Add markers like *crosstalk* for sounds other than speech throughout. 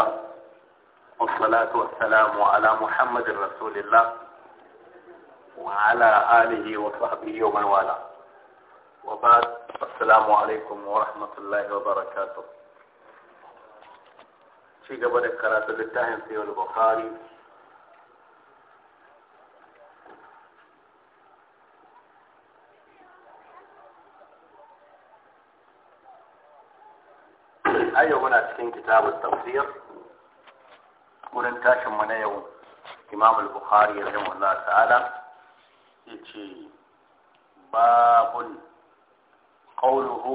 الله والصلاة والسلام على محمد رسول الله وعلى آله وصحبه ومن والاه وبعد السلام عليكم ورحمة الله وبركاته في قبل قراءة للتاهم في البخاري أيوة هنا تقين كتاب التوفير ورنتاش من يوم إمام البخاري رحمه الله تعالى يتشي باب قوله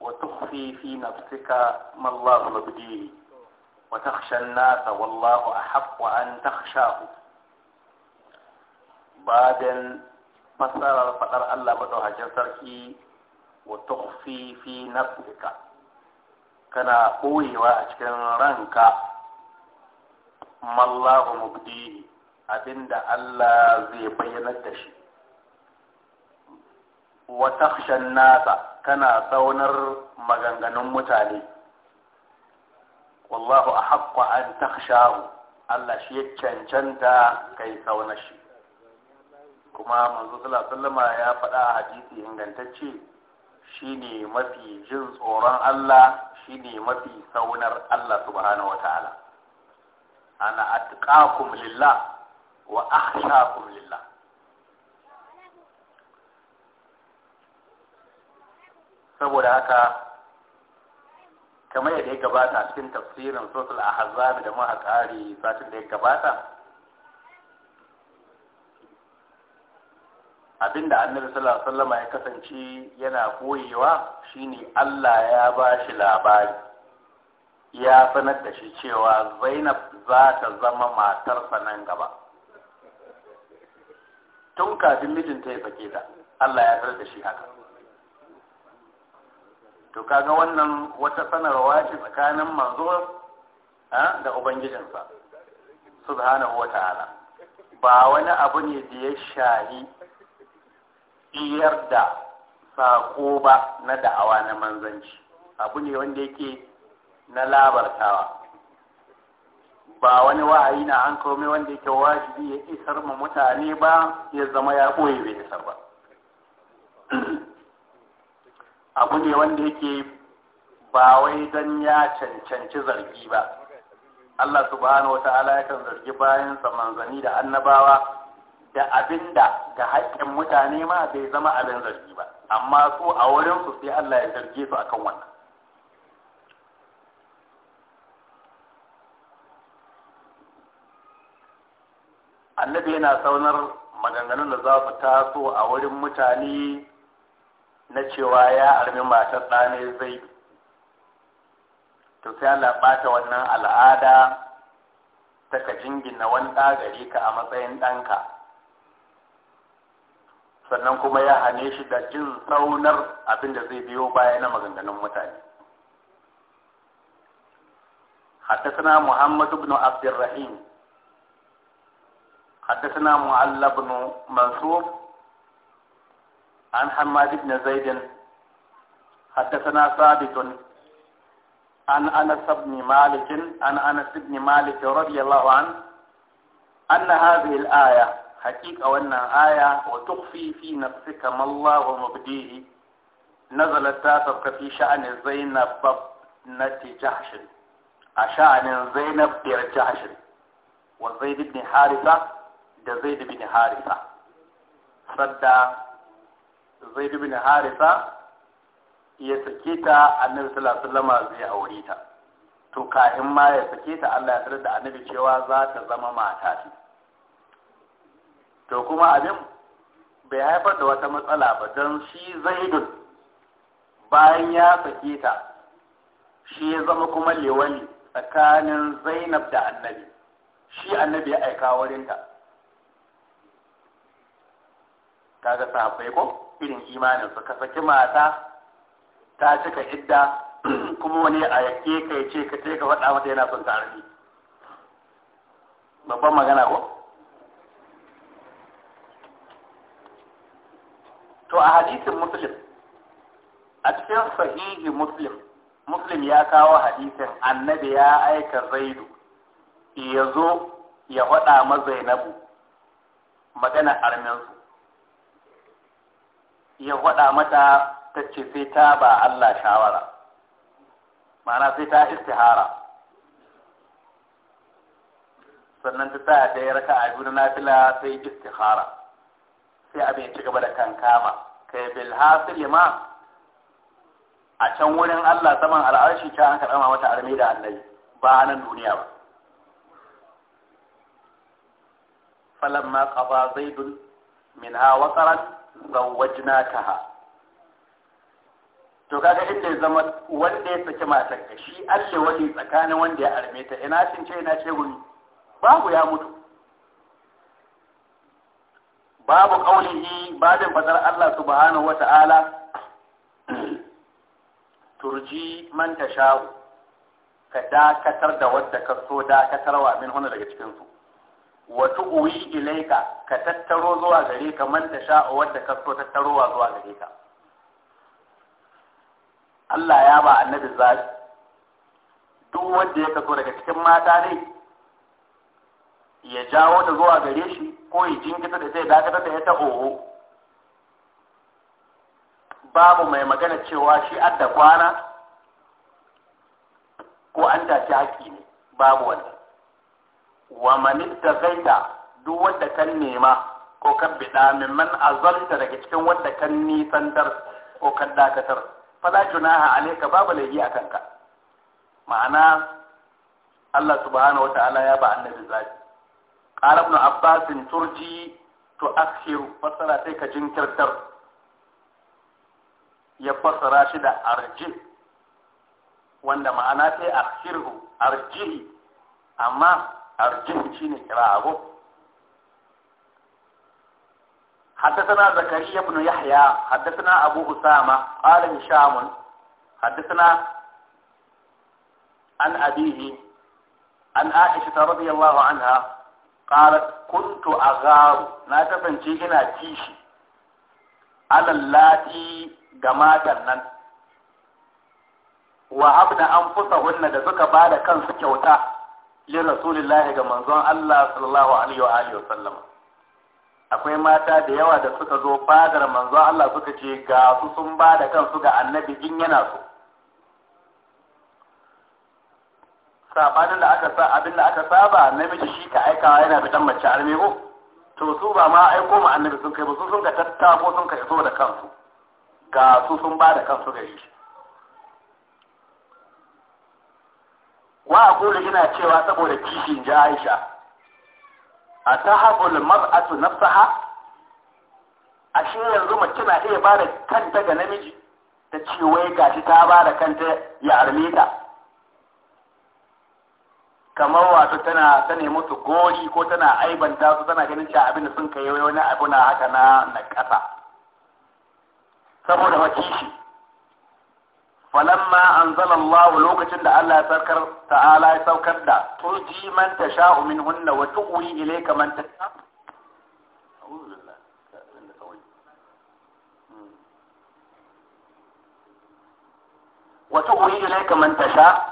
وتخفي في نفسك ما الله مبديه وتخشى الناس والله أحق أن تخشاه بعد مسألة فقر بدو بدوها تركي وتخفي في نفسك kana ɓoyewa a cikin ranka mallahu mubdi abinda Allah zai bayyanar da shi wa takhshan nasa kana saunar maganganun mutane wallahu ahqqu an takhshahu Allah shi ya cancanta kai saunar shi kuma manzo sallallahu alaihi ya faɗa a hadisi ingantacce shine mafi jin tsoron Allah shine mafi saunar Allah subhanahu ta'ala ana atqakum lillah wa akhshakum lillah saboda haka kamar yadda ya gabata cikin tafsirin sosul ahzab da muka kare satin da ya gabata abin da annabi sallallahu alaihi wasallam ya kasance yana koyewa shine Allah ya ba shi labari ya sanar da shi cewa Zainab za ta zama matarsa nan gaba tun kafin mijinta ya sake ta Allah ya sanar da shi haka to kaga wannan wata sanarwa ce tsakanin manzo da ubangijinsa subhanahu ta'ala. ba wani abu ne da ya shahi iyar da saƙo ba na da'awa na manzanci abu ne wanda yake na labartawa ba wani wa'ayi na an kome wanda yake wajibi ya isar ma mutane ba ya zama ya ɓoye bai isar ba *clears throat* abu ne wanda yake ba wai don ya cancanci zargi ba Allah subhanahu wa ta'ala yakan zargi bayan manzanni da annabawa da abin da ga haƙƙin mutane ma bai zama abin zargi ba amma su a wurin su sai Allah ya zarge su akan wannan annabi yana saunar maganganun da za su taso a wurin mutane na cewa ya armi matar ɗane zai to sai Allah ɓata wannan al'ada ta ka jingina wani ɗagare ka a matsayin ɗanka sannan kuma ya hane shi da jin tsaunar abin da zai biyo baya na maganganun mutane حدثنا محمد بن عبد الرحيم حدثنا معل بن منصور عن حماد بن زيد حدثنا ثابت عن انس بن مالك عن انس بن مالك رضي الله عنه ان هذه الايه Haƙiƙa wannan aya wa tukfi fi nafsika ma Allah wa mubdihi nazalat ta sabka fi sha'anin Zainab babnati Jahsh a sha'anin Zainab biyar Jahsh wa Zaid ibn Haritha da Zaid ibn Haritha sadda Zaid ibn Haritha ya sake ta annabi sallallahu alaihi wasallam zai aure ta to kafin ma ya sake ta Allah ya da annabi cewa za ta zama mata to kuma abin bai haifar da wata matsala ba don shi zaidun bayan ya sake ta shi ya zama kuma lewali tsakanin zainab da annabi shi annabi ya aika wurinta ga sahabbai ko irin imanin su ka saki mata ta cika idda *clears throat* kuma wani a yake ka ce ka ce ka faɗa mata yana son tarihi babban magana ko to a hadisin muslim a cikin sahihi muslim muslim ya kawo hadisin annabi ya aika zaidu ya zo ya faɗa ma zainabu magana arminsu ya faɗa mata ta ce sai ta ba Allah shawara ma'ana sai ta istihara sannan ta sa ta yi raka a juna na fila sai istihara sai abin ya ci gaba da kankama kai bil hasili ma a can wurin Allah saman al'arshi ta an karɓa mata armi da Allah ba nan duniya ba falamma qada zaidun minha wataran zawajnataha to kaga inda ya zama wanda ya saki matar shi Allah wani tsakanin wanda ya arme ta ina cin ce ina ce gumi babu ya mutu babu qaulihi babin fadar Allah subhanahu wata'ala turji man tashau ka dakatar da wadda ka so dakatarwa min hana daga cikin su wa ilaika ka tattaro zuwa gare ka man tashau wadda ka so tattarowa zuwa gare ka Allah ya ba annabi zaɓi duk wanda ya kaso daga cikin mata ne ya jawo ta zuwa gare shi ko jin kita da zai dakatar da ya oho babu mai magana cewa shi adda kwana ko an tace haƙƙi ne babu wani. wa man taqaita duk wanda kan nema ko kan bida min man azalta daga cikin wanda kan nisantar ko kan dakatar fala junaha alayka babu laifi akan ka ma'ana Allah subhanahu Ta'ala ya ba annabi zaki قال ابن عباس ترجي تؤخر فصلا تيك جنكرتر يبص راشد أرجه وان معنا تي yi أرجي أما أرجي arjihi كراهو حدثنا زكريا بن يحيى حدثنا أبو أسامة قال هشام حدثنا عن أبيه عن عائشة رضي الله عنها qalat kuntu agharu na kasance ina kishi alallati ga matan nan Wahabda an abda anfusahunna da suka bada kansu kyauta lin rasulillahi ga manzon Allah sallallahu alaihi wa alihi wasallam akwai mata da yawa da suka zo fadar manzon Allah suka ce ga su sun bada kansu ga annabi in yana so sabanin da aka sa abin da aka saba namiji shi ka aikawa yana bidan mace arme to su ba ma aiko ma annabi sun kai ba su sun ka ko sun ka iso da kansu ga su sun ba da kansu gare shi wa aqulu ina cewa saboda kishin ja Aisha atahabul mar'atu nafsaha ashe yanzu mace na iya ba da kanta ga namiji ta ce wai gashi ta ba da kanta ya arme ta kamar wato tana ta nemi su gori ko tana aibanta su tana ganin cewa abin da sun kai wani abu na haka na na ƙasa saboda makishi falamma anzala Allah lokacin da Allah ya saukar ta'ala ya saukar da turji man tasha'u minhunna wa tu'wi ilayka man tasha'u wa tu'wi ilayka man tasha'u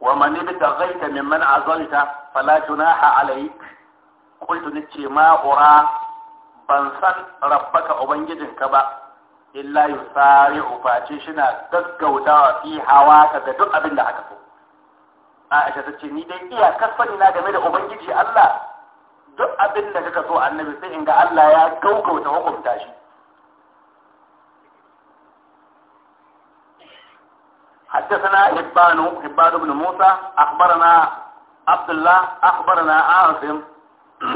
wa man zai mimman azalta fala junaha alayk qultu nace ma ban san rabbaka ubangijinka ba illa yusari'u face shi na gaggautawa fi hawa ka ga duk abin aka so Aisha ta ce ni dai iya sani na game da ubangiji Allah duk abinda da kaka so annabi sai in ga Allah ya ta hukumta shi حدثنا هبان هبان بن موسى أخبرنا عبد الله أخبرنا عاصم *clears throat*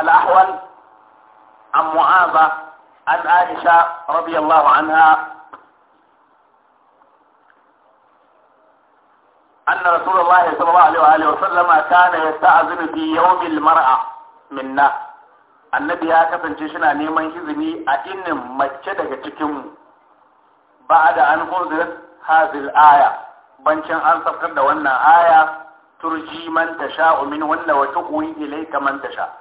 الأحول عن معاذة عن عائشة رضي الله عنها أن رسول الله صلى الله عليه وآله وسلم كان يستعذن في يوم المرأة منا النبي هكذا شنا نيمان إذني أئن مجدك تكمو بعد أن أنزلت هذه الآية بنشن أن تفكر دوانا آية ترجي من تشاء منهن وتقوي إليك من تشاء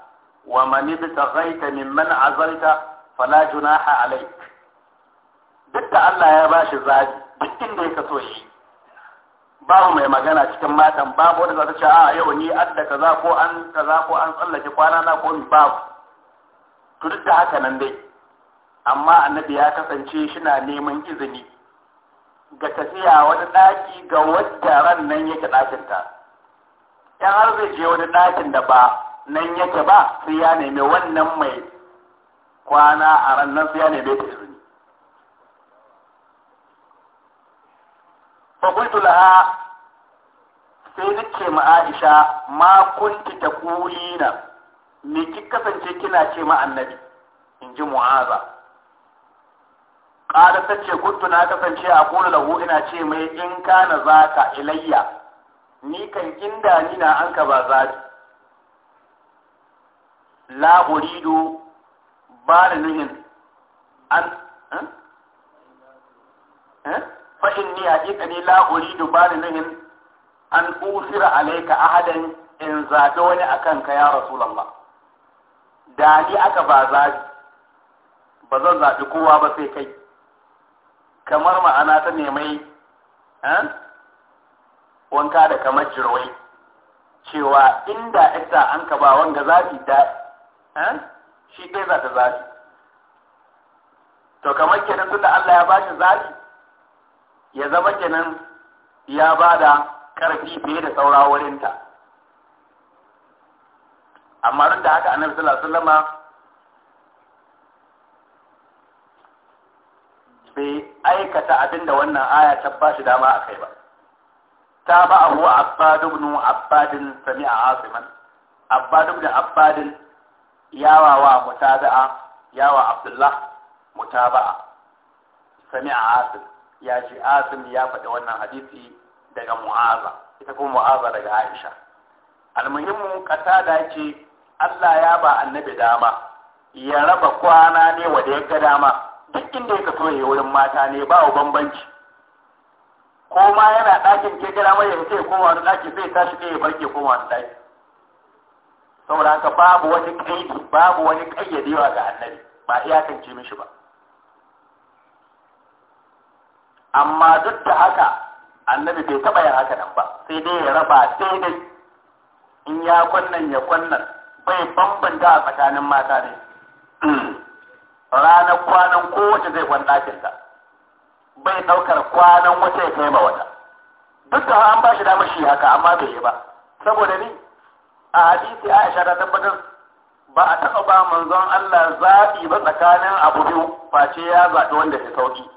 ومن ابتغيت ممن عزلت فلا جناح عليك duk da Allah ya bashi zaɓi duk inda ya kaso shi babu mai magana cikin matan babu wanda za ta a yau ni adda kaza ko an tsallake kwana na ko babu duk da dai amma annabi ya kasance shina neman izini ga tafiya wani ɗaki ga wadda ran nan yake ɗakinta in har zai je wani ɗakin da ba nan yake ba sai ya nemi wannan mai kwana a ran nan sai ya nemi ta izini fakultu laha sai nake ma aisha ma kunti ta kulina me ki kasance kina ce ma annabi in ji mu'aza ƙada ta ce kuntu na kasance a kula lahu ina ce mai in kana za ka ilayya ni kan inda ni na an ka ba za la uridu ba da nuhin an fa'in ni a ƙiƙa la uridu ba da nuhin an usira alaika ahadan in zaɓi wani akan ka ya rasulallah da ni aka ba zaɓi ba zan zaɓi kowa ba sai kai kamar ma'ana ta nemai wanka da kamar jirwai cewa inda ita an ka ba wanga zafi ta shi ɗai za ta zafi to kamar kenan tunda Allah ya bashi zafi ya zama kenan ya ba da ƙarfi fiye da saura wurinta amma duk da haka annabi sallallahu alaihi wasallam bai aikata abin da wannan aya ta ba shi dama a kai ba ta ba a huwa abbad ibn abbad sami a asiman abbad ibn abbad yawa wa mutaba'a yawa abdullah mutaba'a sami a asim ya ji asim ya faɗi wannan hadisi daga mu'aza ita kuma mu'aza daga aisha almuhimmu kasa da yake Allah ya ba annabi dama ya raba kwana ne wa da ya ga dama duk inda ya kaso ya wurin mata ne ba wa bambanci ko ma yana ɗakin ke gara mai ya ko wani ɗaki zai tashi ne ya barke koma wani ɗaki saboda haka babu wani kaidi babu wani kayyadewa ga annabi ba iyakance mishi ba amma duk da haka annabi bai taɓa yin haka nan ba sai dai ya raba daidai in ya kwannan ya kwannan bai bambanta a tsakanin mata ne *clears throat* ranar kwanan kowace zai kwan ɗakinta bai ɗaukar kwanan wata ya kai ma wata duk da an ba shi damar shi haka amma bai yi ba saboda ni a hadisi Aisha ta tabbatar ba a taɓa ba manzon Allah zaɓi ba tsakanin abu biyu face ya zaɓi wanda ya sauki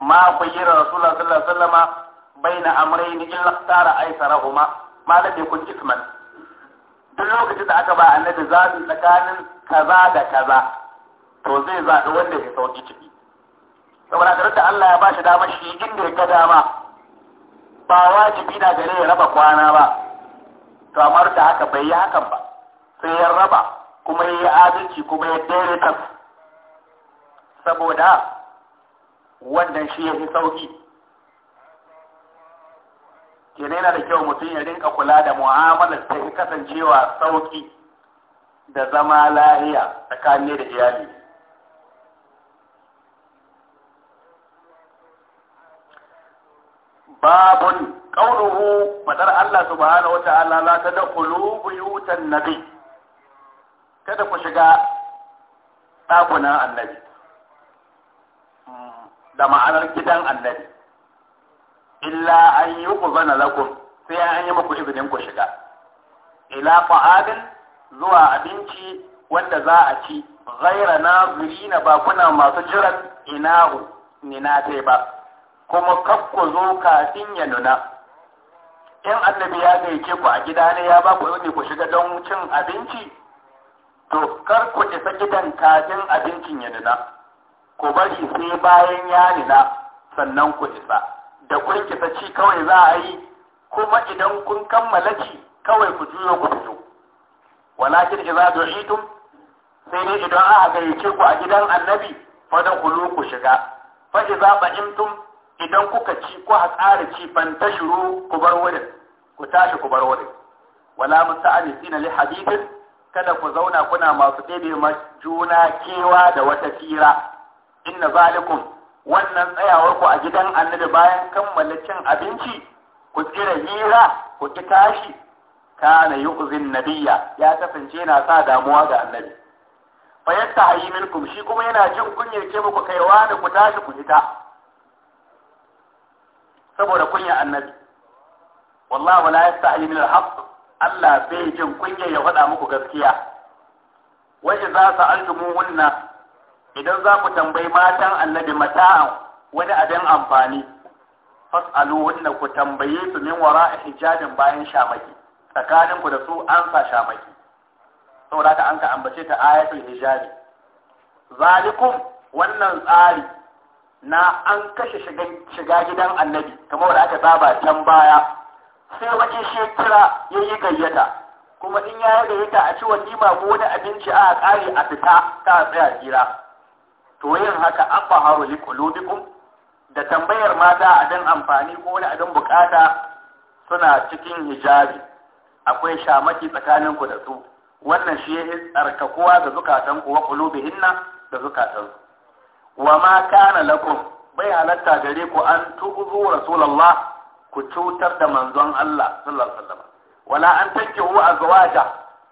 ma kuyyira rasulullah sallallahu alaihi wasallama amrai ni illa tsara aisarahuma ma da kun isman duk lokacin da aka ba annabi zaɓi tsakanin kaza da kaza to zai zaɓi wanda ya sauki ciki saboda da da Allah ya ba shi damar shi inda ya ga dama ba wajibi na gare ya raba kwana ba to amma da haka bai yi hakan ba sai ya raba kuma ya yi adalci kuma ya daidaita saboda wannan shi ya fi sauki kenan yana da kyau mutum ya rinka kula da mu'amalar ta fi kasancewa sauki da zama lahiya tsakanin da iyali babun ƙaunuhu fadar Allah subhanahu wa ta'ala la ta dakulu buyutan nabi kada ku shiga ɗakunan annabi da ma'anar gidan annabi illa an yi ku zana lakum sai an yi muku izinin ku shiga ila fa'adin zuwa abinci wanda za a ci ghaira na ba kuna masu jiran inahu ninatai ba kuma kakku zo kafin ya nuna in annabi ya gaice ku a gida ne ya ba ku ne ku shiga don cin abinci to kar ku isa gidan kafin abincin ya nuna ku bari sai bayan ya nuna sannan ku isa da kun kisa ci kawai za a yi kuma idan kun kammala ci kawai ku juyo ku fito walakin idza du'itum sai dai idan aka gayyace ku a gidan annabi fa da ku shiga fa idza ba'imtum idan kuka ci ko a tsara ci ban shiru ku bar wurin ku tashi ku bar wurin wala sina li hadithin kada ku zauna kuna masu ɗebe ma juna kewa da wata fira inna zalikum wannan tsayawar ku a gidan annabi bayan kammala cin abinci ku tsira hira ku ki tashi kana yu'zin nabiyya ya kasance na sa damuwa ga annabi fa yastahi minkum shi kuma yana jin kunyar ke muku kaiwa da ku tashi ku fita saboda kunya annabi wallahu la yastahli min al-haqq Allah bai jin kunya ya faɗa muku gaskiya wa idza sa'altumuhunna idan za ku tambayi matan annabi mata'an wani abin amfani fas'aluhunna ku tambaye su min wara'i hijabin bayan shamaki tsakanin ku da su an sa shamaki saboda ka an ka ambace ta ayatul hijabi zalikum wannan tsari na an kashe shiga gidan annabi kamar da aka saba can baya sai wani shi kira ya yi gayyata kuma in ya yi gayyata a ci ma ko wani abinci a kare a fita ta tsaya jira to yin haka an haru li kulubikum da tambayar mata a dan amfani ko wani abin bukata suna cikin hijabi akwai shamaki tsakaninku da su wannan shi ya tsarkakuwa da zukatan wa kulubihinna da zukatansu wa ma kana lakum bai halatta gare ku an tu'zu rasulullah ku cutar da manzon Allah sallallahu alaihi wasallam wala an tankihu azwaja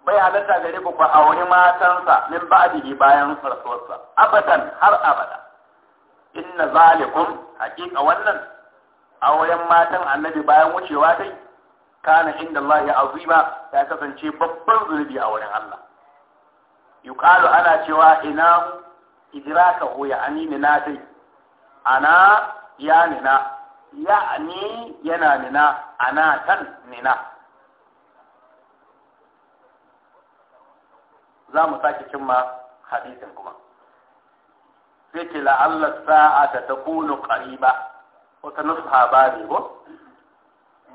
bai halatta gare ku ku auri matansa min ba'dihi bayan rasuwarsa abadan har abada inna zalikum haqiqa wannan auren matan annabi bayan wucewa dai kana inda Allah ya azima ya kasance babban zunubi a wurin Allah yuqalu ana cewa ina idraka hu ya ani na dai ana ya nina ya ani yana nina ana tan nina za mu sake cimma hadisin kuma sai ce la'alla sa'ata takunu qariba wata nusha ba ne ko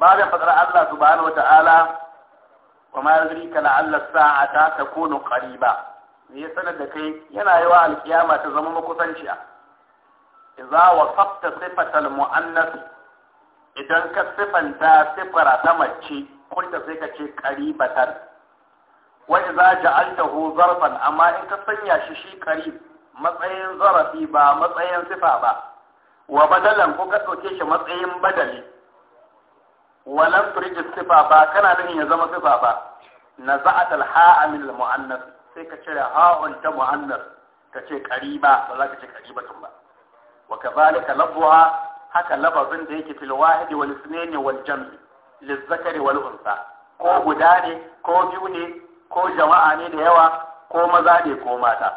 bayan fadar Allah subhanahu wa ta'ala wa ma yadrika la'alla sa'ata takunu qariba ya sanar da kai yana yi wa alkiyama ta zama a. za wa wasafta sifatal mu'annas idan ka sifanta sifara ta mace kunta sai ka ce Wani za idza ja'altahu zarfan amma in ka sanya shi shi qarib matsayin zarafi ba matsayin sifa ba wa badalan ko ka dauke shi matsayin badali walan turijin sifa ba kana nufin ya zama sifa ba za a haa al-mu'annas sai ka cire ha'un ta muhannas ka ce qariba ba za ka ce qaribatun ba wa ka labuwa haka lafazin da yake fil wahidi wal ithnaini wal jam'i lizzakari wal unsa ko guda ne ko biyu ne ko jama'a ne da yawa ko maza ne ko mata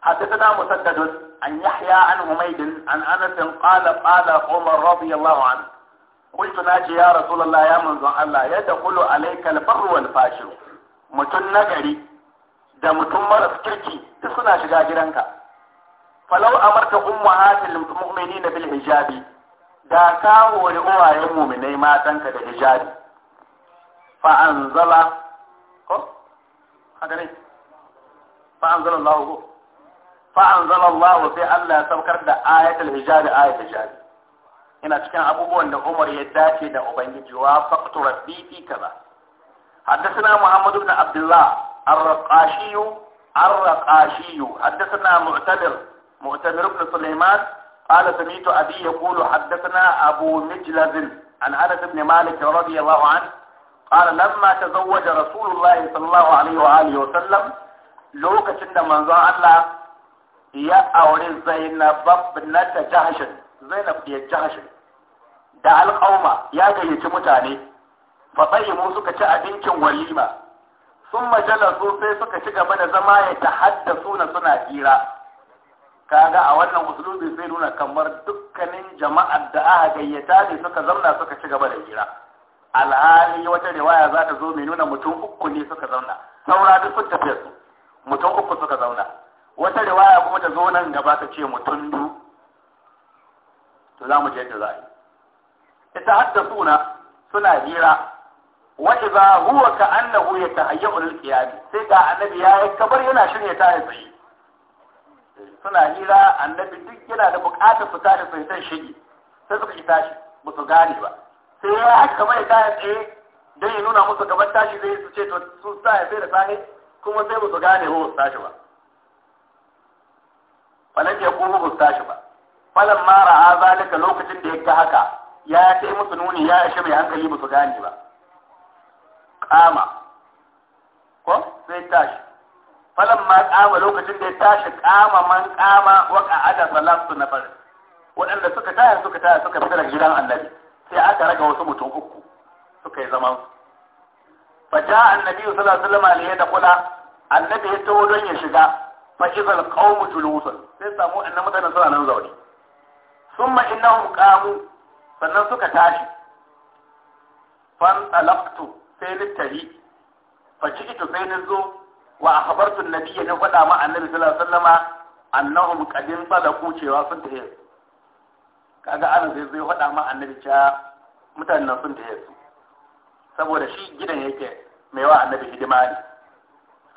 حدثنا مسدد عن يحيى عن حميد عن انس قال قال عمر رضي الله عنه قلت ناجي يا رسول الله يا منزل الله يدخل عليك البر والفاشر mutum nagari da mutum maras kirki duk suna shiga gidanka falau amarta ummahatil na bil hijabi da ka hori uwayen mu'minai matanka da hijabi fa anzala ko haka ne fa anzala Allah ko fa anzala Allah sai Allah ya saukar da ayatul hijabi ayatul hijabi ina cikin abubuwan da Umar ya dace da Ubangiji wa faqtu rabbi fi kaza حدثنا محمد بن عبد الله الرقاشي الرقاشي حدثنا معتمر معتمر بن سليمان قال سمعت أبي يقول حدثنا أبو مجلز عن أنس بن مالك رضي الله عنه قال لما تزوج رسول الله صلى الله عليه وآله وسلم lokacin da manzon Allah ya aure Zainab na ta Jahashin Zainab ya Jahashin da alƙauma ya gayyaci mutane fasayimu suka ci abincin walima sun majalasu sai suka ci gaba da zama ya haddasu na suna hira kaga a wannan usulubi sai nuna kamar dukkanin jama'ar da aka gayyata ne suka zauna suka ci gaba da hira alhali wata riwaya za ta zo mai nuna mutum uku ne suka zauna saura duk sun tafiya su mutum uku suka zauna wata riwaya kuma ta zo nan gaba ta ce mutum du to za mu je yadda za a yi ita na suna hira wa huwa ka annahu yatahayyu lil qiyam sai ga annabi ya yi kabar yana shirya ta ya tsaye suna hira annabi duk yana da buƙatar su tashi sai san shige sai suka ki tashi ba su gane ba sai ya haka kamar ya tashi tsaye don ya nuna musu gaban tashi zai su ce to su sa ya sai da safe kuma sai ba su gane ko su tashi ba falan ya kuma ba su tashi ba falan mara a zalika lokacin da ya ga haka ya yi musu nuni ya ishe mai hankali ba su gane ba qama ko sai tashi falan ma qama lokacin da ya tashi qama man qama wa qa'ada salatu nafar waɗanda suka taya suka taya suka fara daga gidan annabi sai aka raga wasu mutum uku suka yi zaman su annabi النبي صلى الله عليه da kula, annabi ya يتو don ya shiga izal القوم جلوس sai samu annabi mutane suna nan zaune summa innahum qamu sannan suka tashi fan talaqtu sai littari fa ciki to sai na zo wa akhbartu an-nabiy na faɗa ma annabi sallallahu alaihi wasallama annahum qadin sadaqu cewa sun tahe kaga an sai zai faɗa ma annabi cewa mutanen nan sun tahe su saboda shi gidan yake mai wa annabi hidima ne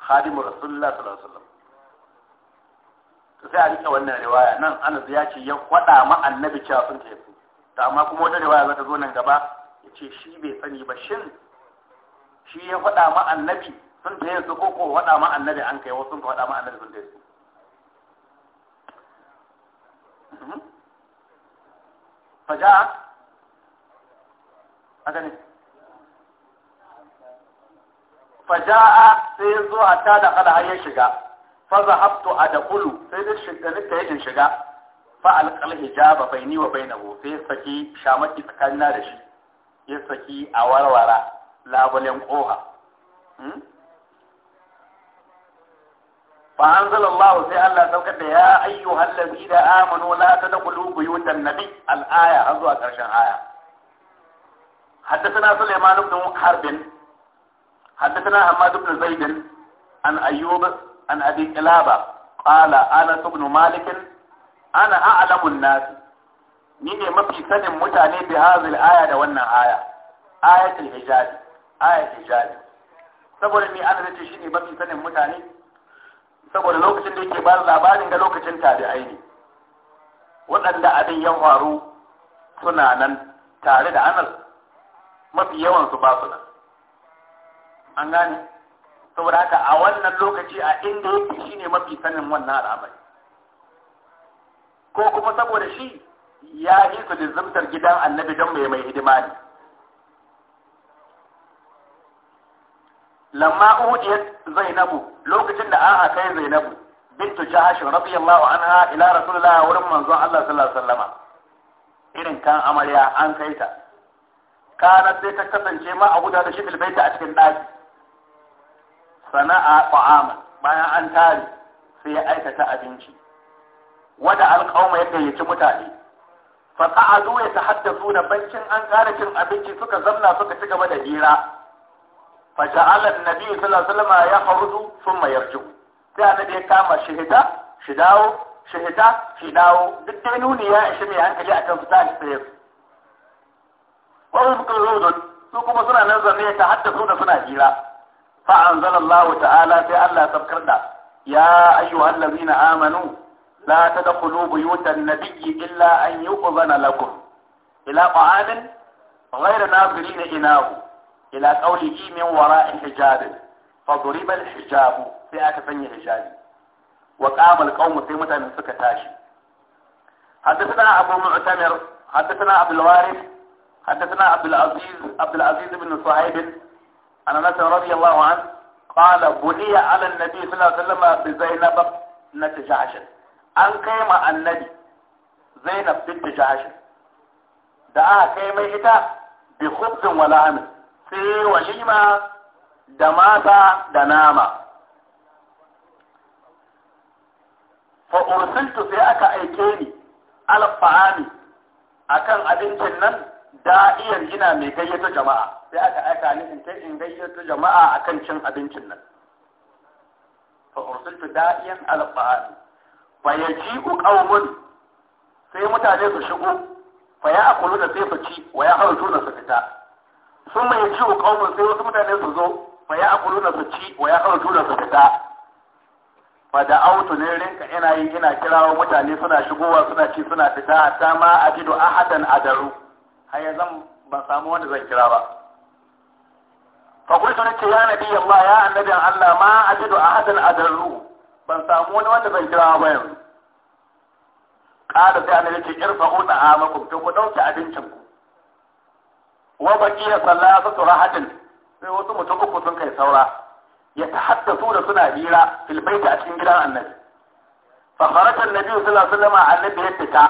khadimu rasulullah sallallahu alaihi sai a rike wannan riwaya nan Anas ya ce ya faɗa ma annabi cewa sun tahe su to amma kuma wata riwaya za ta zo nan gaba ya ce shi bai sani ba shin shi ya faɗa ma annabi sun ta yin ko ko faɗa ma annabi an kai wasu ka faɗa ma annabi sun ta yin su. Mhm. Faja? Aka ne? Faja'a sai ya zo a ta da kada har ya shiga, faza za haftu a da kulu sai da shiga da ta yin shiga, fa alƙal hijaba bai ni wa bai na sai ya saki shamaki tsakanina da shi, ya saki a warware. لابلنقوها فأنزل الله سيئا لا تذكر يا أيها الذين آمنوا لا تدخلوا بيوت النبي الآية هذو أكرشان آية حدثنا سليمان بن حرب حدثنا حماد بن زيد عن أيوب عن أبي كلابة قال أنا بن مالك أنا أعلم الناس من ما في سنة متعني بهذه الآية دونا آية آية الحجاز ayat hijabi saboda ni an ce ne mafi sanin mutane saboda lokacin da yake ba labarin da lokacin tabi'ai aini waɗanda abin ya faru suna nan tare da anal, mafi yawan su ba su nan an gane saboda haka a wannan lokaci a inda yake shi ne mafi sanin wannan al'amari ko kuma saboda shi ya yi su da gidan annabi don mai mai hidima ne lamma uhudiyat zainabu lokacin da an haka zainabu bintu jahash radiyallahu anha ila rasulullah wurin manzon Allah sallallahu alaihi wasallama irin kan amarya an kai ta kana sai ta kasance ma a guda da shi bilbaita a cikin daki sana'a ta'ama bayan an tare sai ya aikata abinci wada alqauma yadda ya ci mutane ta qa'adu yatahaddathuna bancin an kare cin abinci suka zamna suka ci gaba da hira فجعل النبي صلى الله عليه وسلم يخرج ثم يرجع كان دي كما شهدا شداو شهدا شداو بالدينونية اشمي عنك اللي اعتم فتاك سير وهم قلود سوكم سنة نظر نية تحدثون سنة جيلا فأنزل الله تعالى في الله تذكرنا يا أيها الذين آمنوا لا تدخلوا بيوت النبي إلا أن يؤذن لكم إلى قعان غير ناظرين إناه إلى قوله من وراء حجاب فضرب الحجاب في أكفن الحجاب وقام القوم في متى سكتاشي حدثنا أبو معتمر حدثنا عبد الوارث حدثنا عبد العزيز عبد العزيز بن صهيب عن أنس رضي الله عنه قال بني على النبي صلى الله عليه وسلم بزينب بنت جعش أن قيم النبي زينب بنت جعش دعاها كيما بخبز ولا عمل sai walima da mata da nama fa ursiltu sai aka aike ni alfa'ani akan abincin nan da'iyar gina mai gayyato jama'a sai aka aika ni in kai in gayyato jama'a akan cin abincin nan fa ursiltu da'iyan alfa'ani fa ku qaumun sai mutane su shigo fa ya akulu da sai su ci wa ya harju da su fita sun mai ci wa sai wasu mutane su zo ba ya akulu na su ci wa ya kawo tura su fita ba da auto ne rinka ina yi ina wa mutane suna shigowa suna ci suna fita a ma a jido a adaru har ya zan ban samu wanda zan kira ba fa kullu sun ce ya nabi Allah ya annabin Allah ma a jido a daru ban samu wani wanda zan kira ba yanzu ƙada sai annabi ce irfa'u da'amakum to ku dauke abincin ku wa baqiya salatu rahatin sai wasu mutum uku sun kai saura ya tahaddathu da suna hira fil baiti a cikin gidan annabi fa kharaja annabi sallallahu alaihi wasallam annabi ya fita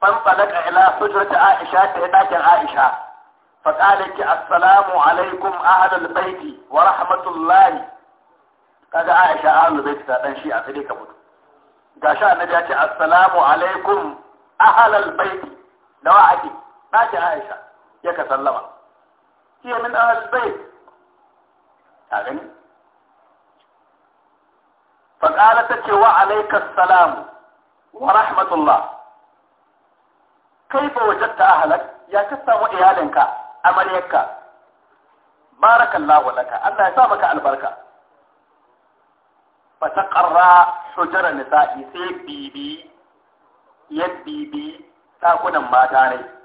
fan falaka ila sujrati aisha ta dakin aisha fa qala ki assalamu alaikum ahlal baiti wa rahmatullahi kaga aisha ahlul baiti ta dan shi a sai ka mutu gashi annabi ya ce assalamu alaikum ahlal baiti da wa ake dakin aisha ya ka sallama hiya min ahli bayt gani fa qala tace wa alayka salam wa rahmatullah kaifa wajadta ahlak ya ka samu iyalinka amaryarka barakallahu laka Allah ya sa maka albarka fa taqarra hujra nisa'i sai bibi yadda bibi takunan mata ne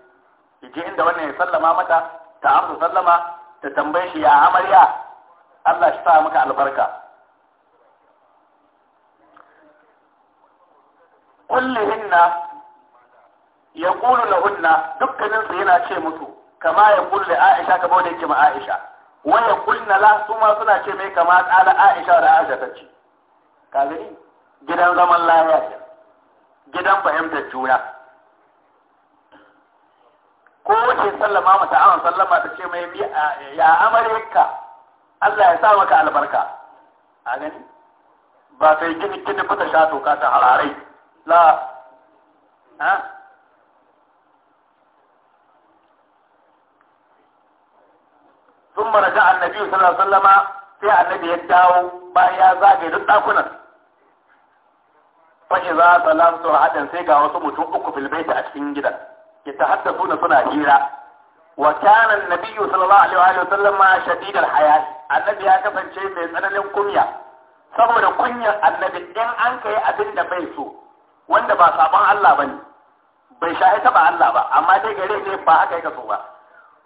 ya je inda wannan ya sallama mata ta amsa sallama ta tambaye shi ya amarya Allah shi sa maka albarka kullihinna ya kulu na dukkanin dukkaninsu yana ce musu kama ya kulle Aisha kama da yake ma Aisha wa ya kulna la su ma suna ce mai kama kala Aisha da Aisha ta ce ka gani gidan zaman lafiya gidan fahimtar juna ko wace sallama mata awon sallama ta ce mai ya amarka Allah ya sa maka albarka a gani ba sai gini kini fita sha toka ta hararai la ha ثم رجع النبي صلى الله sai annabi ya dawo bayan ya zage duk ɗakunan. fa iza salatu hadan sai ga wasu mutum uku fil baiti a cikin gidan yatahaddathuna suna hira wa kana an-nabiy sallallahu alaihi wa sallam shadid al-hayat annabi ya kasance mai tsananin kunya saboda kunyar annabi in an kai abin da bai so wanda ba sabon Allah bane bai sha ita ba Allah ba amma dai gare ne ba haka yake so ba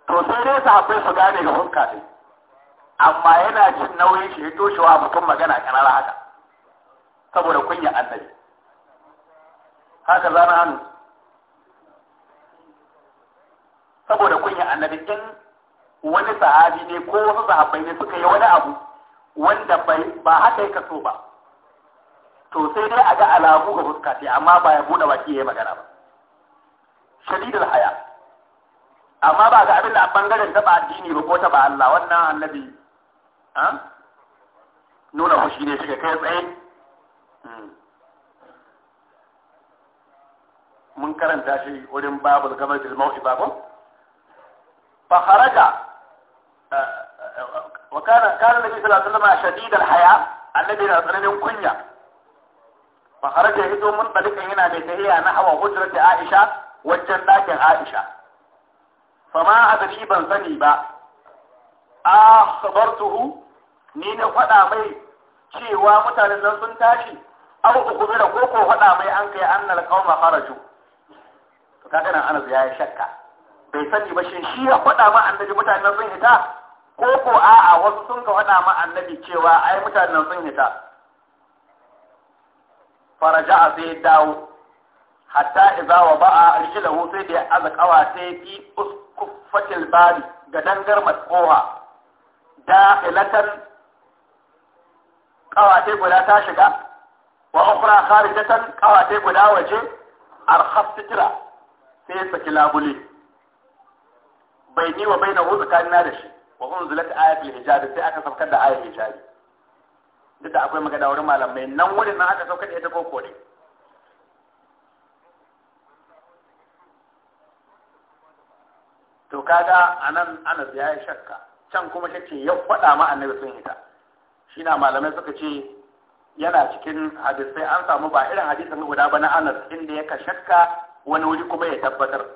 to sai dai sahabbai su gane ga hukka dai amma yana cin nauyin shi ya toshewa mutum magana kanar haka saboda kunyar annabi haka zana hannu saboda kunya annabi in wani sahabi ne ko wasu sahabbai ne suka yi wani abu wanda ba haka ya kaso ba to sai dai a ga alamu ga fuska amma ba ya buɗe baki ya yi magana ba shadidul haya amma ba ga abin da a bangaren taɓa addini ba ko taɓa Allah wannan annabi ah, nuna fushi ne shiga kai tsaye hmm. mun karanta shi wurin babul gamar dilmau mau'i فخرج وكان كان النبي صلى الله عليه وسلم شديد الحياة النبي صلى الله عليه وسلم كنيا فخرج يهدو من طريق هنا لتهيئ نحو هجرة عائشة والجنات عائشة فما أدري بن سني با أخبرته ni na faɗa mai cewa mutanen nan sun tashi abu uku da koko faɗa mai an kai annal qauma kharaju to kaga nan Anas yayi shakka bai sani ba shi shi ya faɗa ma annabi mutanen sun hita ko ko a'a wasu sun ka faɗa ma annabi cewa ai mutanen sun hita faraja'a sai dawo hatta idza wa ba'a rijlahu sai da ya azqawa sai fi uskufatil bari ga dangar matsoha da ilatan kawate guda ta shiga wa ukhra kharijatan kawate guda waje arhaf sitira sai saki labule bai ni wa bainahu tsakanina da shi wa unzilat al hijab sai aka saukar da al hijab duk da akwai magana wurin malamai nan wurin nan aka saukar da ita ko kore to kaga anan ana ya shakka can kuma kace ya faɗa ma annabi sun hita shi na malamai suka ce yana cikin hadisai an samu ba irin hadisin guda ba na Anas inda yaka shakka wani wuri kuma ya tabbatar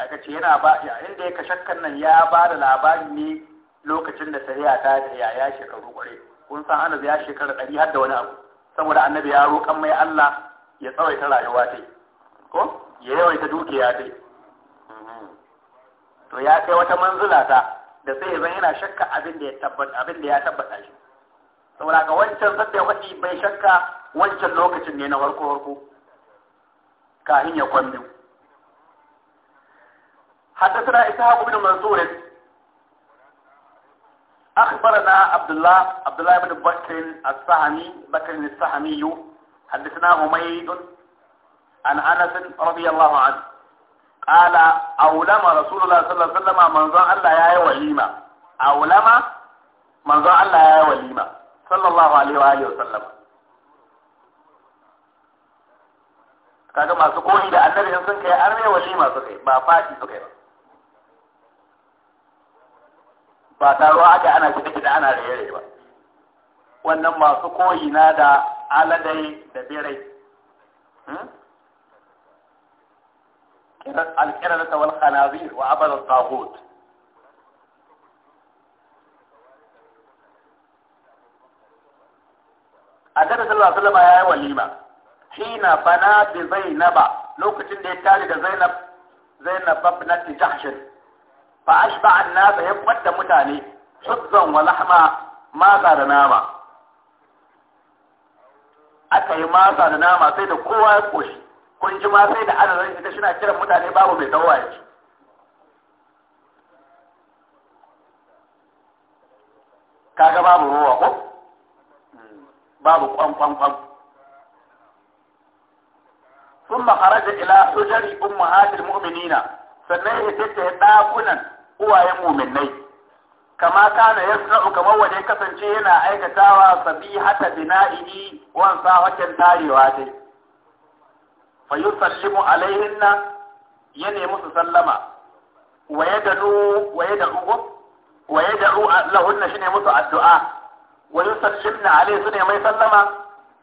aka ce yana ba inda ya kan nan ya ba da labari ne lokacin da sariya ta da ya shekaru kware kun san annabi ya shekara ɗari har da wani abu saboda annabi ya roƙan mai Allah ya tsawaita rayuwa ta ko ya yawaita dukiya ta to ya kai wata manzila ta da sai zan yana shakka abin da ya tabbata abin da ya tabbata shi saboda ga wancan sadda ya faɗi bai shakka wancan lokacin ne na warko warko kahin ya kwan حدثنا إسحاق بن منصور أخبرنا عبد الله عبد الله بن بكر السهمي بكر السهمي حدثنا حميد عن أنس رضي الله عنه قال أولم رسول الله صلى الله عليه وسلم من ظن لا يا وليمة أولم من ظن لا يا وليمة صلى الله عليه وآله وسلم kaga masu koyi da annabi sun kai an mai ما suka yi ba ruwa aka ana gida-gida, ana da raye ba wannan masu koyi na da aladai da birai alƙirar hmm? ta wal khanazir wa abar tahut a kada sallallahu alaihi wasallam lima. walima hina bana bi zainaba lokacin da ya tare da zainab zainab na jahsh fa ashba annasa ya kwatta mutane shuzzan wa lahma matsa da nama aka yi masa da nama sai da kowa ya koshi kun ji ma sai da adadin ita shi na kiran mutane babu mai tsawo ya ci kaga babu ruwa ko babu kwan kwan kwan Sun ثم ila إلى حجر أمهات المؤمنين sannan ya tattaya ɗakunan uwayen muminai kama kana yasna'u kamar wanda ya kasance yana aikatawa sabihata bina'ihi wan sahatin tarewa dai fa yusallimu alaihinna ya nemi su sallama wa da wa yad'u wa yad'u lahunna shine musu addu'a wa yusallimna alaihi sune mai sallama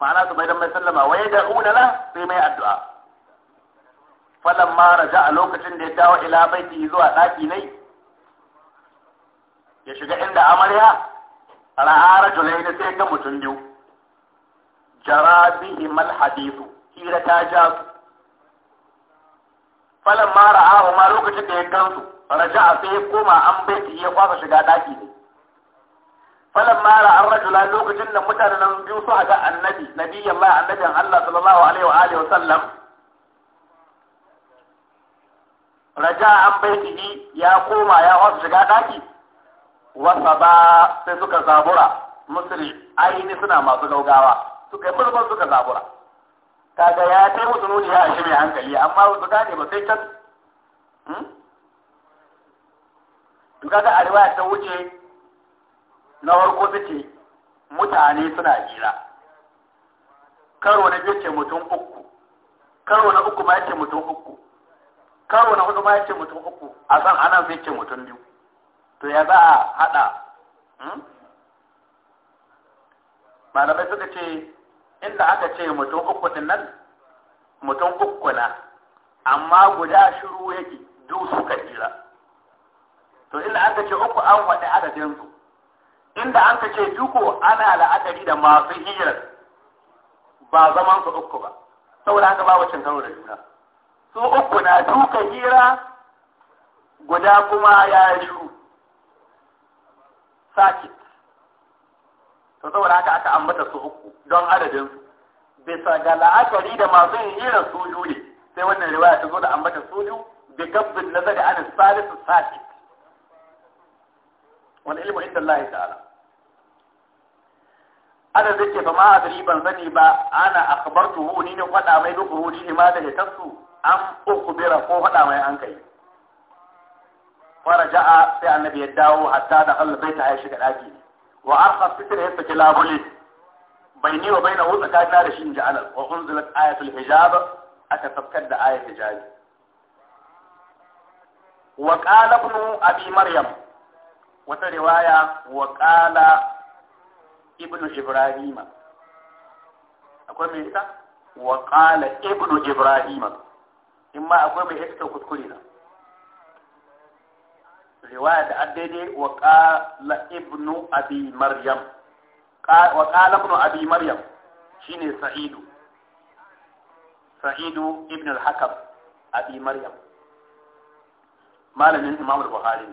ma'ana su bai dan mai sallama wa yad'una la sai mai addu'a falamma raja'a lokacin da ya dawo ila baiti zuwa daki ne ya shiga inda amarya ra'a rajulaini sai ga mutum biyu jara bihimal hadithu hira ta ja su falan ma ra'ahu ma lokacin da ya gansu raja'a sai ya koma an baiti ya kwasa shiga daki ne falan ma ra'a rajula lokacin da mutanen nan biyu su ga annabi nabi Allah annabin Allah sallallahu alaihi wa alihi wasallam sallam an baiti ya koma ya kwasa shiga daki wasa ba sai suka zabura musri aini suna masu gaugawa suka yi murzon suka zabura kaga ya ce musu nuni ya shi mai hankali amma wasu gane ba sai can to hmm? kaga a riwaya ta wuce na farko suke mutane suna jira karo na biyu ce mutum uku karo na uku ma ya ce mutum uku karo na hudu ma ya ce mutum uku a san anan zai ce mutum biyu to ya za a haɗa hmm? malamai suka ce inda aka ce mutum uku din nan mutum uku na amma guda shiru yake duk suka jira to inda aka ce uku an waɗi adadin inda inda aka ce duko ana la'akari da masu hijirar ba zaman su uku ba saboda haka babu cin karo da juna su uku na duka hira guda kuma ya yi shiru sakit to saboda haka aka ambata su uku don adadin su bisa ga la'akari da masu yin irin suju ne sai wannan riwaya ta zo da ambata suju bi gabbin nazari an salisu sakit wani ilmu inda Allah ta'ala ana zai ce fa ma adri ban sani ba ana tuhu ni ne faɗa mai duk ruhi ma da tasu an ukubira ko faɗa mai an kai فرجع في النبي يداو حتى دخل البيت هاي شكل أجي وأرخص ستر هيك كلابولي بيني وبينه تكاد نارش شين جعل وأنزلت آية الحجاب أتفكد آية الحجاب وقال ابن أبي مريم وترواية وقال ابن إبراهيم أقول من وقال ابن إبراهيم إما أقول من إيه كتكولينا riwaya da addaidai wa qala ibnu abi maryam wa ibnu abi maryam shine sa'idu sa'idu ibn al-hakam abi maryam malamin imam al-bukhari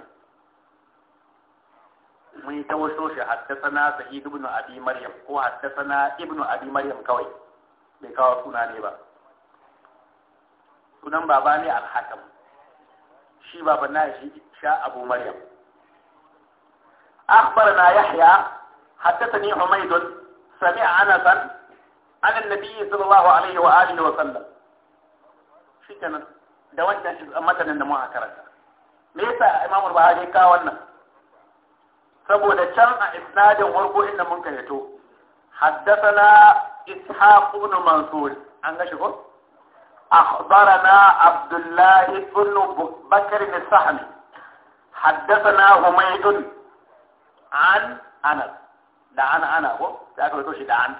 mun ta waso shi haddathana sa'idu ibn abi maryam ko haddasana ibn abi maryam kawai bai kawo suna ne ba sunan baba ne al-hakam shi baban na shi sha abu maryam akhbarana yahya haddathani humayd sami'a anasan an annabi sallallahu alaihi wa alihi wa sallam shikenan da wannan matanin da muka karanta me yasa imamul bahari ka wannan saboda can a isnadin warko inda mun kayato haddathana ishaq ibn mansur an ga shi ko أخبرنا Abdullahi الله بن بكر بن سهل حدثنا حميد عن أنس da ana ana ko da aka wato shi da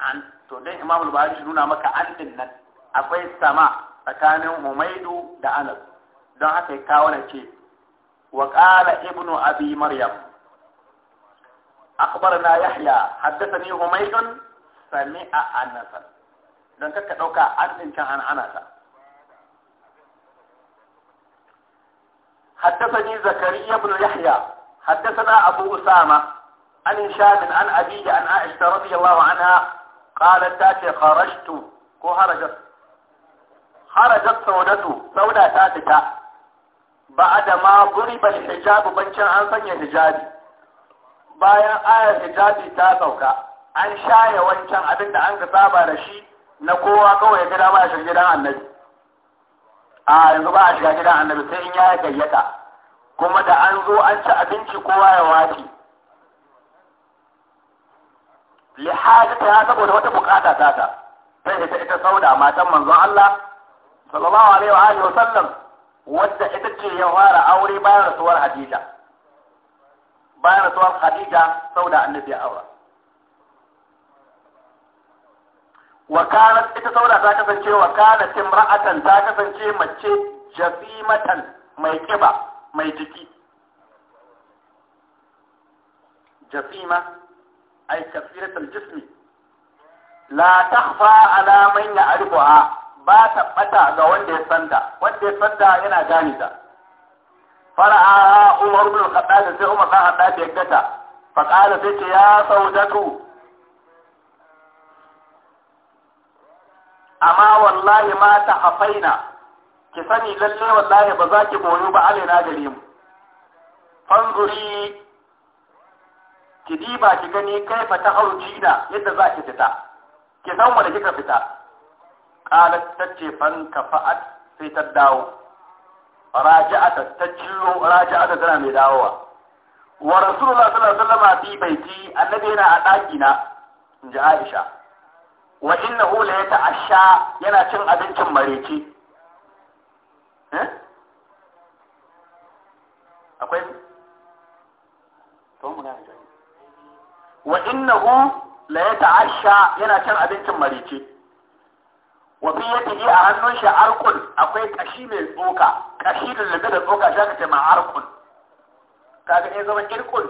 an to dan Imam al-Bukhari shi nuna maka an din nan akwai sama tsakanin Humaydu da Anas don haka ya ce wa qala ibnu abi maryam akhbarana yahya haddasa haddathani humaydun sami'a anas don kakka ɗauka an ɗin can an ana ta حدثني زكريا بن يحيى حدثنا أبو أسامة عن هشام عن أبيه عن عائشة رضي الله عنها قالت تاتي خرجت كو خرجت خرجت سودته سودا تاتتا بعد ما ضرب الحجاب بنشان عن سنة حجابي bayan ayar hijabi ta sauka an shaye wancan abin da an ka saba da shi na kowa kawai ya ba a shiga gidan annabi a yanzu ba a shiga gidan annabi sai in ya gayyata kuma da an zo an ci abinci kowa ya wace lihajita ta ya saboda wata bukata ta ta sai ita ita sauda matan manzon Allah sallallahu alaihi wa alihi wa sallam wadda ita ce ya fara aure bayan rasuwar Hadija bayan rasuwar Hadija sauda annabi aura wa kanat ita sauda ta kasance wa kanat imra'atan ta kasance mace jazimatan mai kiba mai jiki jazima ay kasiratul jismi la takhfa ala man ya'rifuha ba ta bata ga wanda ya sanda wanda ya sanda yana gane ta fara'a umar bin khattab sai umar ibn khattab ya gata fa qala sai ya saudatu amma wallahi ma ta hafaina ki sani lalle wallahi ba za ki boyu ba alaina gare mu fanzuri ki diba ki gani kai fa ta da yadda za ki fita ki san wanda kika fita qalat tace fan fa'at sai ta dawo raja'ata ta cillo raja'ata tana mai dawowa wa rasulullah sallallahu alaihi wasallam bi baiti annabi yana a daki na ji Aisha wa hu la yata'asha yana cin abincin mareci eh? akwai to mu na wa hu la yata'asha yana cin abincin mareci wa fi yadihi a hannun shi arqul akwai kashi mai tsoka kashi da lalle da tsoka shi aka ce ma arqul kaga ne zama irqul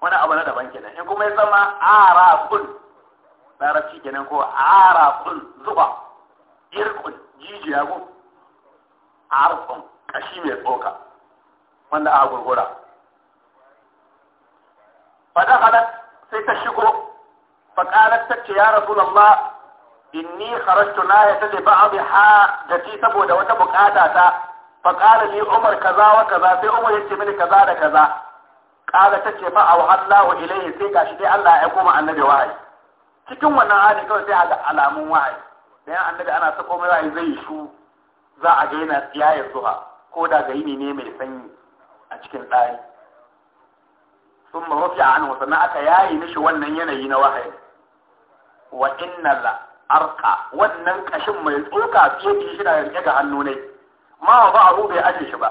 wani abu na daban kenan in kuma ya zama arakun larabci kenan ko arafun zuba irkun jijiya ko arfun kashi mai tsoka wanda a gurgura fada halat sai ta shigo faƙalar ta ce ya rasulallah inni kharajtu na ya tade ba'd hajati saboda wata bukata ta faƙala li umar kaza wa kaza sai umar ya ce mini kaza da kaza ƙala tace fa aw Allahu ilayhi sai gashi dai Allah ya koma annabi wahayi cikin wannan hali kawai sai a ga alamun wahayi an annabi ana ta komai wahayi zai shu za a ga yana tsiyaye zuha ko da ga yini ne mai sanyi a cikin tsari. sun marufi a hannu sannan aka yayi mishi wannan yanayi na wahayi wa inna arka wannan kashin mai tsoka fiye da shi da rike ga hannu ne ma ba abu bai aje shi ba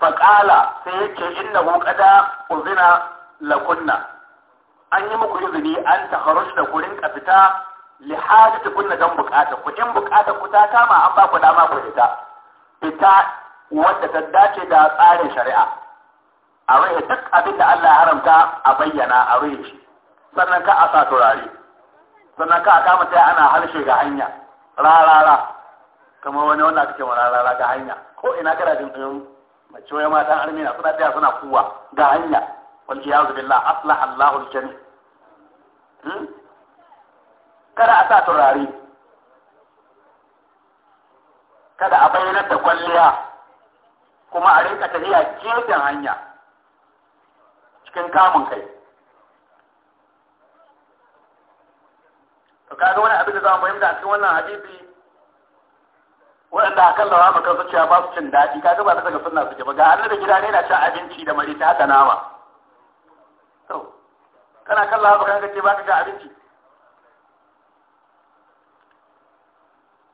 faƙala sai yake inna hukada uzina lakunna an yi muku izini an taharush da ku rinka fita li hajati kunna dan bukata ku in bukata ku ta kama an ba ku dama ku fita fita wanda ta dace da tsarin shari'a a rai duk abin da Allah ya haramta a bayyana a rai shi sannan ka a sa turare sannan ka a kama sai ana harshe ga hanya rarara kamar wani wanda kake ce wa rarara ga hanya ko ina kana jin tsayin mace wai matan na, suna tsaya suna kuwa ga hanya wal iyaz billah aslaha hmm? kada a sa turare kada a bayyanar da kwalliya kuma a rinka tafiya gefen hanya cikin kamun kai to kaga wani abin da za mu fahimta cikin wannan hadisi waɗanda a kan lawa maka su cewa ba su cin daɗi kaga ba ta daga sunna suke ba ga annabi gida ne na cin abinci da marita da nama to kana kalla ba kan ce baka ga abinci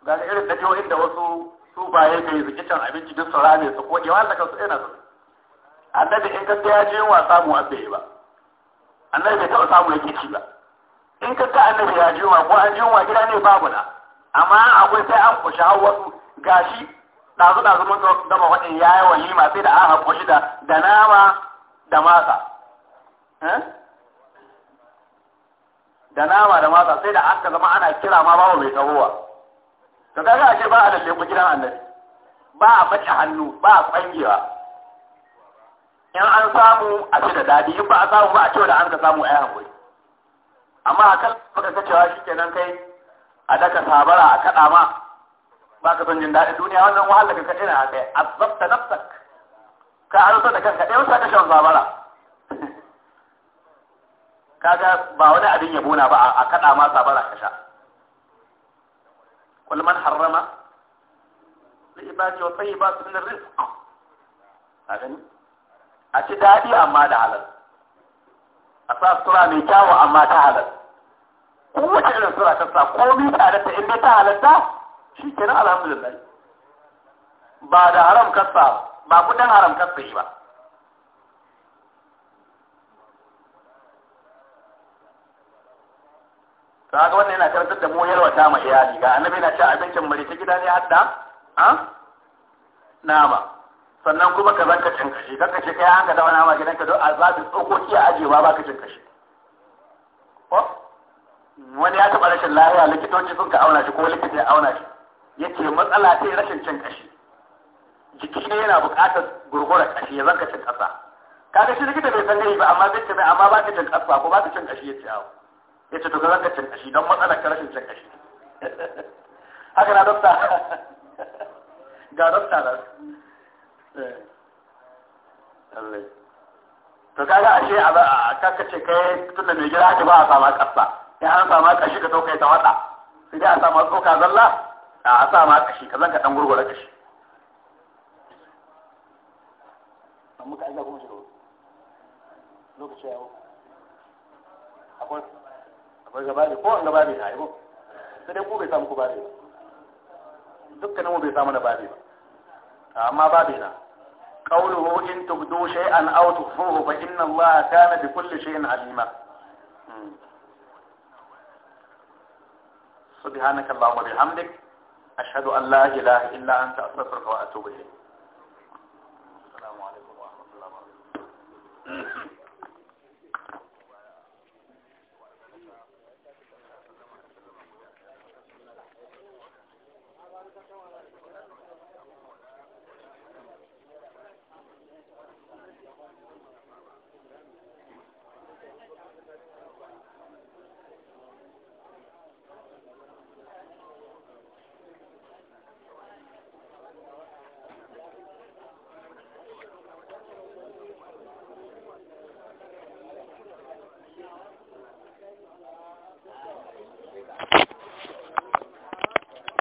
ga irin da inda wasu su baye kai su kicin abinci duk su ne su koke wanda kansu ina su annabi in ka ya je wa samu an bai ba annabi bai taɓa samu yake ci ba in ka ga annabi ya je wa ko an je wa gida ne babu na amma akwai sai an kushe hau wasu gashi ɗazu ɗazu mun zama waɗin ya yi walima sai da an haƙo shi da nama da matsa Eh? da nama da mata sai da aka zama ana kira ma babu mai tahowa to a ce ba a lalle ku kira annabi ba a bace hannu ba a kwangewa in an samu a ce da dadi in ba a samu ba a ce da an ka samu ai hankali amma a kan baka ka cewa nan kai a daka sabara a kaɗa ma ba ka son jin daɗin duniya wannan wahala ka kaɗai na A azabta nafsak ka arsa da kanka ɗaya wasa ka shan sabara kaga ba wani abin yabo na ba a kada ma sabara ka sha kul man harrama li ibadi wa tayyibatu min rizq a a ci dadi amma da halal a sa sura mai kyawu amma ta halal Ko wace irin sura ta sa ko mi ta halatta in ta halatta shi kenan alhamdulillah ba da haram kasa ba kudin haram kasa shi ba kaga ga wannan yana karantar da mu yalwata ma iyali ga annabi yana cewa abincin mari ta gida ne hadda a nama sannan kuma ka zanka cin kashi kanka ce kai an ka dawo nama gidan ka don azabin tsokoki a ajiye ba ka cin kashi wani ya taɓa rashin lafiya likitoci sun ka auna shi ko likita ya auna shi yake matsala ce rashin cin kashi jiki ne yana buƙatar gurgura kashi ya zanka cin ƙasa kaga shi likita bai san gari ba amma zai ce mai amma ba ka cin ƙasa ko ba ka cin kashi ya ce awo ya ce to ga zaka cankashi don matsalar ka rashin cankashi haka na dokta ga dokta da eh. to kaga ashe a kaka ce kai tun da mai gida ake ba a sama kasa ya an sama kashi ka tauka ta wata sai dai a sama tsoka zalla a sama kashi ka zanka dan gurgura kashi muka aika kuma shi lokaci ya kamar gaba ne ko an gaba ne haihu sai dai ku bai samu ku ba ne bai samu na ba amma ba ne qawluhu in tubdu shay'an aw tukhfuhu fa inna allaha kana bi kulli shay'in alima hmm. subhanaka allahumma bihamdik ashhadu an la ilaha illa anta astaghfiruka wa atubu